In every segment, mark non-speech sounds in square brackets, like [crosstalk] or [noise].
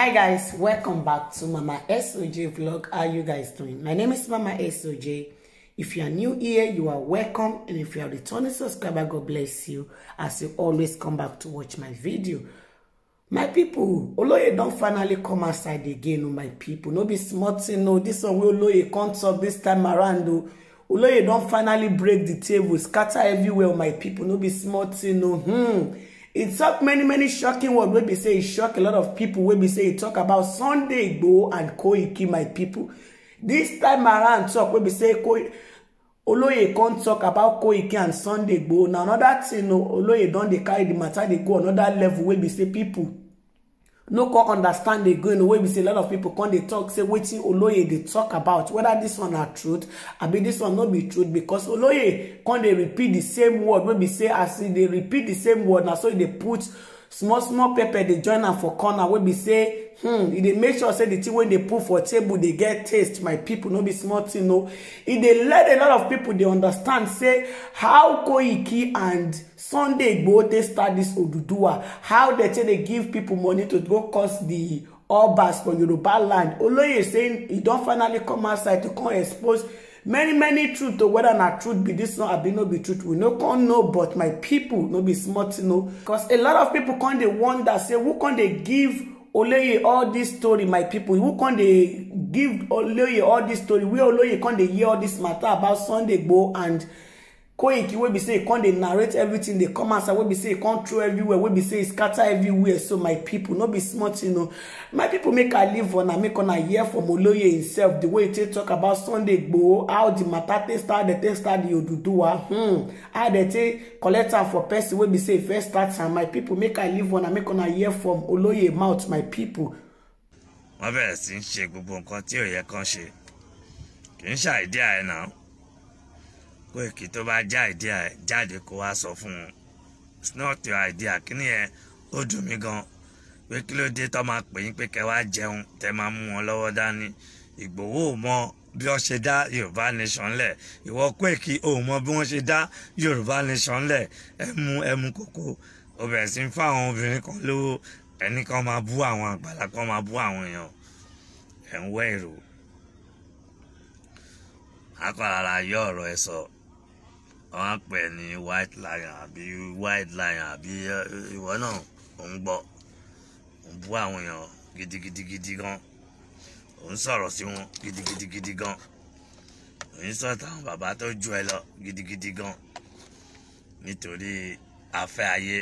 hi guys welcome back to mama soj vlog how you guys doing my name is mama soj if you are new here you are welcome and if you are returning subscriber god bless you as you always come back to watch my video my people oloye don't finally come outside again oh my people no be smart, thing o this one will oloye come talk this time around o oh. oloye don't finally break the table scatter everywhere oh my people no be smart, thing o hmm e tok many many shocking words wey be say e shock a lot of people. wey be say e tok about sunday igboho and koiki my people. This time around talk wey be say oloye con talk about koiki and sunday igboho na another thing, oloye don dey carry di mata dey go another level wey be say people no come understand the going wey be say a lot of people come dey talk say wetin oloye dey talk about whether this one na truth abi this one no be truth because oloye come dey repeat the same word wey be say as e dey repeat the same word na so e dey put small small pepper they join am for corner wey be say hmm e dey make sure say the thing wey dey put for table dey get taste my people no be small thing o e dey let a lot of people dey understand say how Koiki and Sunday Igboho take start this Oduduwa how dey take dey give people money to go cause the obas for Yoruba land Oloye saying e don finally come outside to come expose many many truth o whether na truth be this one abi no be truth we no con know but my people no be smart tin o because a lot of people con dey wonder say who con dey give oloye all this story my people? who con dey give oloye all this story wey oloye con dey hear all this matter about sunday gboo and koiki wey be say e con dey narrate everything dey come outside wey be say come con throw everywhere wey be say e scatter everywhere so my people no be small tin o my people make i leave una make una hear from oloye himself the way e take tok about sunday gboo how the matter take start dey take start di oduduwa hmm how they take collect am for person wey be say e first start am my people make i leave una make una hear from oloye mouth my people. wọ́n bẹ̀rẹ̀ sí í ṣe gbogbo nǹkan tí ò yẹ kán ṣe kì í ṣàìdí àyẹ̀ Koiki tó bá já ìdí ẹ̀ jáde kó wá sọ fún un it's not your idea kíní ẹ̀ ó dùn mí gan pé kí ló dé tó máa pè yín pé kẹ́ wá jẹun tẹ́ máa mú wọn lọ́wọ́ dání Ìgbòho ò mọ bí wọ́n ṣe dá Yorùbá nation lẹ̀ ìwọ Koiki ò mọ bí wọ́n ṣe dá Yorùbá nation lẹ̀ ẹmu ẹmu kòkó ó bẹ̀rẹ̀ sí ń fún obìnrin kan lówó ẹni kan máa bú àwọn àgbàlá kan máa bú àwọn èèyàn ẹ̀ ń wẹ́ èrò akọ̀lára yọ ọ̀rọ̀ ẹ sọ. So wọ́n pè ní white lion àbí white lion àbí ìwọ náà òun gbọ́ òun bú àwọn èèyàn gidigidigidi gan òun sọ̀rọ̀ sí wọn gidigidigidi gan òun sọ̀tàn àwọn bàbá tó ju ẹ lọ gidigidi gan nítorí afẹ́ ayé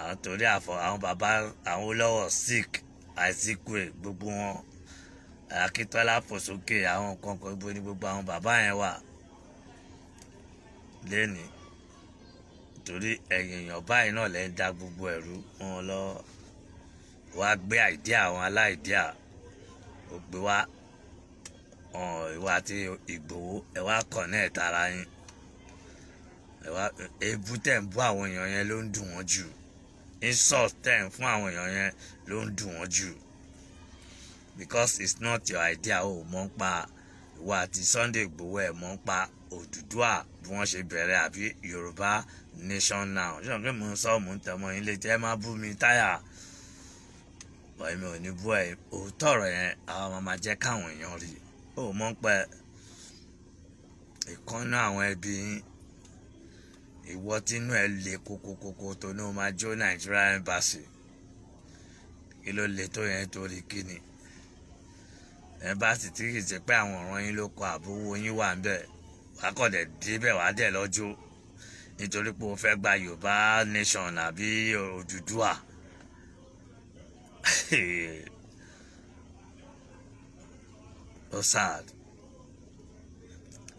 àwọn torí àfọ àwọn bàbá àwọn olówó sick àìsíkúrè gbogbo wọn akíntola fòsókè àwọn kankan ibo ni gbogbo àwọn bàbá yẹn wà lẹ́ni torí ẹ̀yìn èèyàn báyìí náà lẹ́ ń da gbogbo ẹ̀rú wọn lọ wá gbé àìdíà àwọn aláìdíà ó gbé wá ìwà àti Ìgbòho ẹ wá kàn náà tara yín èébú tẹ̀ ń bú àwọn èèyàn yẹn ló ń dùn wọ́n jù insult tẹ̀ ń fún àwọn èèyàn yẹn ló ń dùn wọ́n jù because it's not your idea o mọ̀ ń pa ìwà àti Sunday Ìgbòho ẹ̀ mọ̀ ń pa. Odùduwà bí wọ́n ṣe bẹ̀rẹ̀ àbí Yorùbá nation now ṣé wọn kí mò ń sọ mò ń tẹmọ yín létí ẹ má bú mi táyà bọ́ọ̀ mi ò ní bú ẹ òótọ́ ọ̀rọ̀ yẹn àwọn ọmọ máa jẹ́ káwọn èèyàn rí ó mọ̀ ń pẹ́ ìkọ́nú àwọn ẹbí yín ìwọ tínú ẹ le kókókókó tó ní o máa jó Nigeria embassy kí ló le tó yẹn torí kí ni embassy tí kì í ṣe pé àwọn ọ̀ràn yín ló kọ àbówó yín wà ń bẹ́ẹ̀ wákọ̀dẹ̀ débẹ̀ wá dẹ̀ lọ́jọ́ nítorí pé o fẹ́ gba yorùbá nation àbí òdùdúà ó [laughs] sad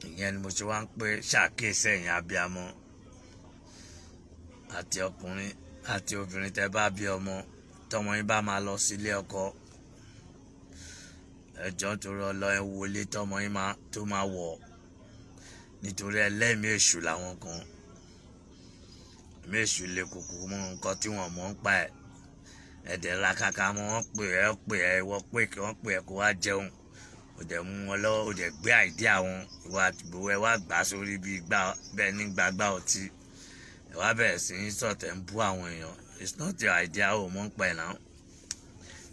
ìyẹn ni mo ṣe wá ń pé ṣàkíyèsí ẹ̀yin abiyamọ àti ọkùnrin àti obìnrin tẹ́ bá bí ọmọ tọmọ yín bá máa lọ sílé ọkọ ẹjọ́ torí ọlọ ẹ wọlé tọmọ yín tó máa wọ̀ nítorí ẹlẹ́mìí èṣù làwọn kan ẹ̀mí lè kúkú mú nǹkan tí wọ́n mọ̀ ń pa ẹ̀ ẹ̀dẹ̀ làkàkà mọ́ wọ́n pè ẹ́ pè ẹ́ ìwọ pé kí wọ́n pè ẹ́ kó wá jẹun ó mú wọn lọ́wọ́ ó gbé àìdí àwọn ìwà àtìgbòwò ẹ wá gbà sórí bíi gbà bẹ́ẹ̀ ní gbàgbà ọtí ẹ wá bẹ̀rẹ̀ sí í sọ̀tẹ̀ ń bú àwọn èèyàn it's not your idea ó mọ̀ ń pa ẹ̀ náà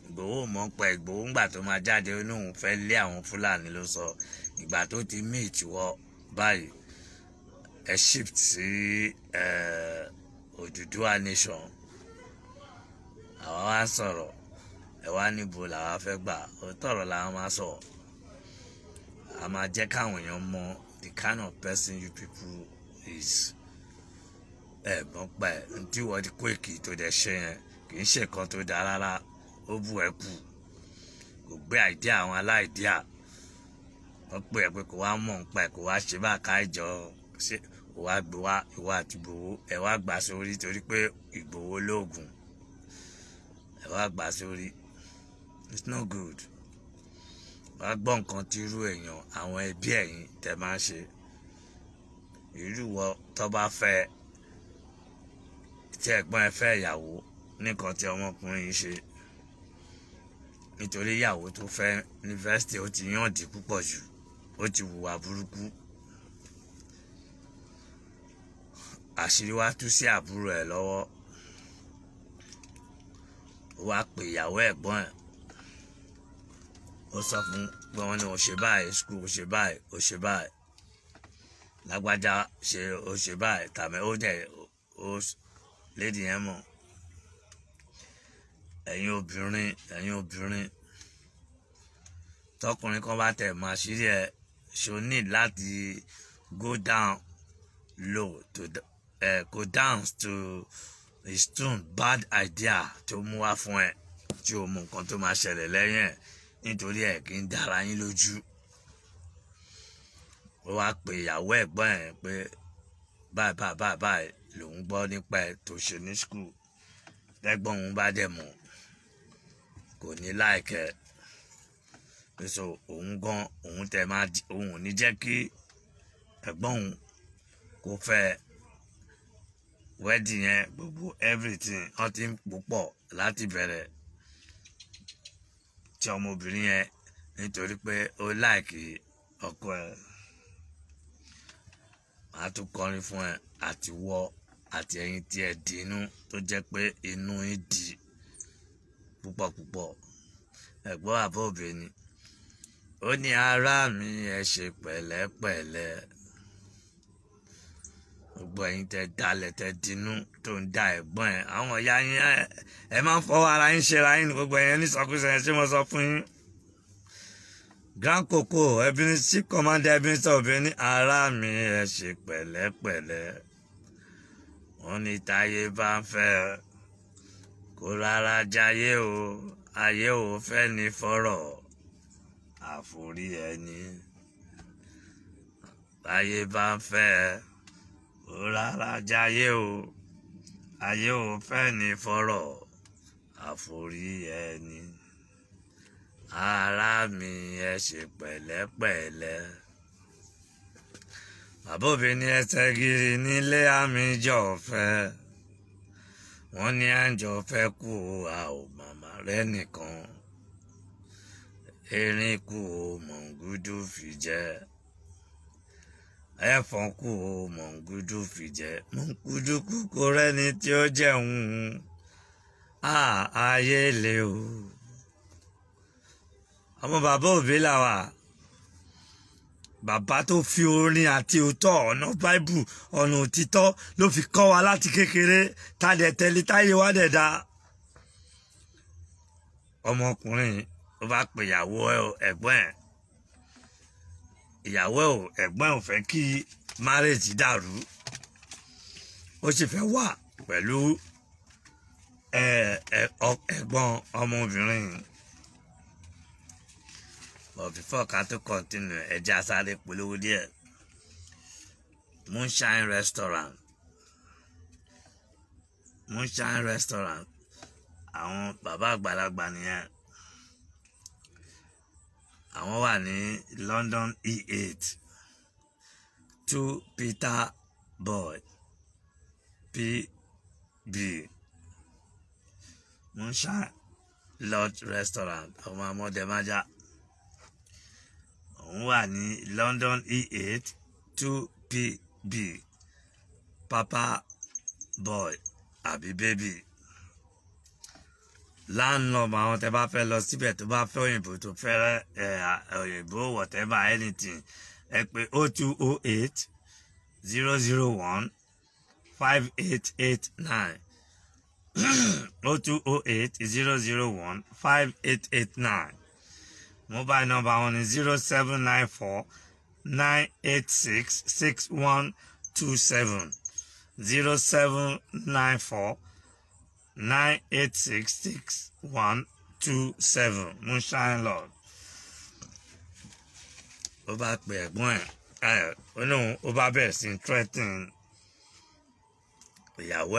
ìgbòho mọ̀ ń pa ìgbòho ńgbà tó máa jáde ó ní òun fẹ́ lé àwọn fúlàní ló sọ ìgbà tó ti mí ìtìwọ́ báyìí ẹ shift sí Odùduwà nation àwa wá sọ̀rọ̀ ẹ wá níbo làwa fẹ́ gbà òótọ́rọ̀ làwa máa sọ a máa jẹ́ káwọn èèyàn mọ the kind of person you people is ẹ̀gbọ́n pa ẹ̀ ntí wọ́n di Koiki tó dẹ̀ ṣe yẹn kì í ṣe nǹkan tó dáa rárá ó bú ẹ kù kò gbé àìdíà àwọn aláìdíà wọ́n pè ẹ́ pé kò wá mọ̀ nípa ẹ̀ kò wá ṣe bá ká ìjọ ṣe kò wá ìwà àti ìgbòho ẹ̀ wá gbà sórí torí pé ìgbòho lóògùn ẹ̀ wá gbà sórí it's no good wá gbọ́ nǹkan tí irú èèyàn àwọn ẹbí ẹ̀yìn tẹ̀ máa ń ṣe irú wọ tó bá fẹ́ tí ẹ̀gbọ́n ẹ fẹ́ ìyàwó nìkan tí ọmọkùnrin yìí ṣe nítorí ìyàwó tó fẹ́ yunifásitì ó ti yàn dí púpọ̀ jù ó ti hùwà burúkú àṣírí wa tú sí àbúrò ẹ̀ lọ́wọ́ ó wá pè ìyàwó ẹ̀gbọ́n ẹ̀ ó sọ fún pé wọ́n ní o ṣe báyìí skul o ṣe báyìí o ṣe báyìí lágbájá ṣe o ṣe báyìí tàbí ó dẹ̀ ó lédi yẹn mọ̀ ẹ̀yin obìnrin ẹ̀yin obìnrin tọkùnrin kan bá tẹ̀ máa ṣírí so need láti go down low to uh, go down to his tune bad idea tó mú wá fún ẹ tí o mú nǹkan tó máa ṣẹlẹ̀ lẹ́yìn ẹ̀ nítorí ẹ̀ kì í dára yín lójú ó wá pe ìyàwó ẹ̀gbọ́n ẹ̀ pé báyìí báyìí báyìí báyìí lòun gbọ́ nípa ẹ̀ tó ṣe ní skul lẹ́gbọ́n òun bá dẹ̀ mọ̀ kò ní láìkẹ́. Like so òun gan òun tẹ máa òun ò ní jẹ́ kí ẹ̀gbọ́n òun kó fẹ́ wedding yẹn gbogbo everything wọ́n ti ń púpọ̀ láti bẹ̀rẹ̀ tí ọmọbìnrin yẹn nítorí pé ó láìkì ọkọ ẹ̀ màá tún kọrin fún ẹ àtiwọ́ àti ẹ̀yin tí ẹ di inú tó jẹ́ pé inú yín di púpọ̀púpọ̀ ẹ̀gbọ́n àbọ̀ òbí ni ó ní ará mi ẹ ṣe pẹ̀lẹ́pẹ̀lẹ́ gbogbo ẹ̀yin tẹ dalẹ̀ tẹ dinú tó ń da ẹ̀gbọ́n ẹ̀ àwọn ìyá yín ẹ máa ń fọwọ́ ara yín ṣe ra yín gbogbo ẹ̀yin nísọkúsọ ẹ̀ ṣé mo sọ fún yín. grand koko ẹbìnrin sí commander ẹbìnrin sọ obìnrin ní ará mi ẹ ṣe pẹ̀lẹ́pẹ̀lẹ́ wọn ní táyé bá ń fẹ́ kó rárá jayé o ayé ò fẹ́ ní fọ́rọ̀ àforí ẹni báyé bá ń fẹ́ ẹ ó rárá jáyé o ayé ò fẹ́ ní fọ́rọ̀ àforí ẹni ará mi ẹ ṣe pẹ̀lẹ́pẹ̀lẹ́ bàbá òbí ẹsẹ̀ gírí nílé àmì jọ wọ́n ní àjọ fẹ́ kú a ò màmá rẹ nìkan erin-kù o mọ̀ǹgùdù fìjẹ́ ẹ̀fọ́n-kù o mọ̀ǹgùdù fìjẹ́ mọ̀ǹgùdù kù kò rẹ́ni tí ó jẹun ààyè lè o ọmọ bàbá òbí làwà bàbá tó fi orin àti òótọ́ ọ̀nà báíbù ọ̀nà òtítọ́ ló fi kọ́ wa láti kékeré tá a dẹ̀ tẹ̀lé táyé wa dẹ̀ da ọmọkùnrin ó bá pe ìyàwó ẹ̀gbọ́n ẹ̀ ìyàwó ẹ̀gbọ́n ò fẹ́ kí márèèjì dàrú ó sì fẹ́ wà pẹ̀lú ẹ̀gbọ́n ọmọbìnrin but before ká tó continue ẹ asáré polówó díẹ̀ moonshine restaurant moonshine restaurant àwọn bàbá àgbàlagbà nìyẹn àwọn wà ní London E8 two Peter Boy PB Moonshine Lodge Restaurant ọmọ amọ̀dẹ́májá òun wà ní London E8 two PB Papa Boy àbí baby landlord àwọn tẹ bá fẹ́ lọ síbẹ̀ to bá fẹ́ òyìnbó tó fẹ́ òyìnbó whatever anything ẹ pè o oh two o eight zero zero one five eight eight nine o [clears throat] oh two o oh eight zero zero one five eight eight nine mobile number wọn ni zero seven nine four nine eight six six one two seven zero seven nine four nine eight six six one two seven moonshine lord ó bá pe ẹ̀gbọ́n ẹ̀ ó lóun ó bá bẹ̀rẹ̀ sí threatening ìyàwó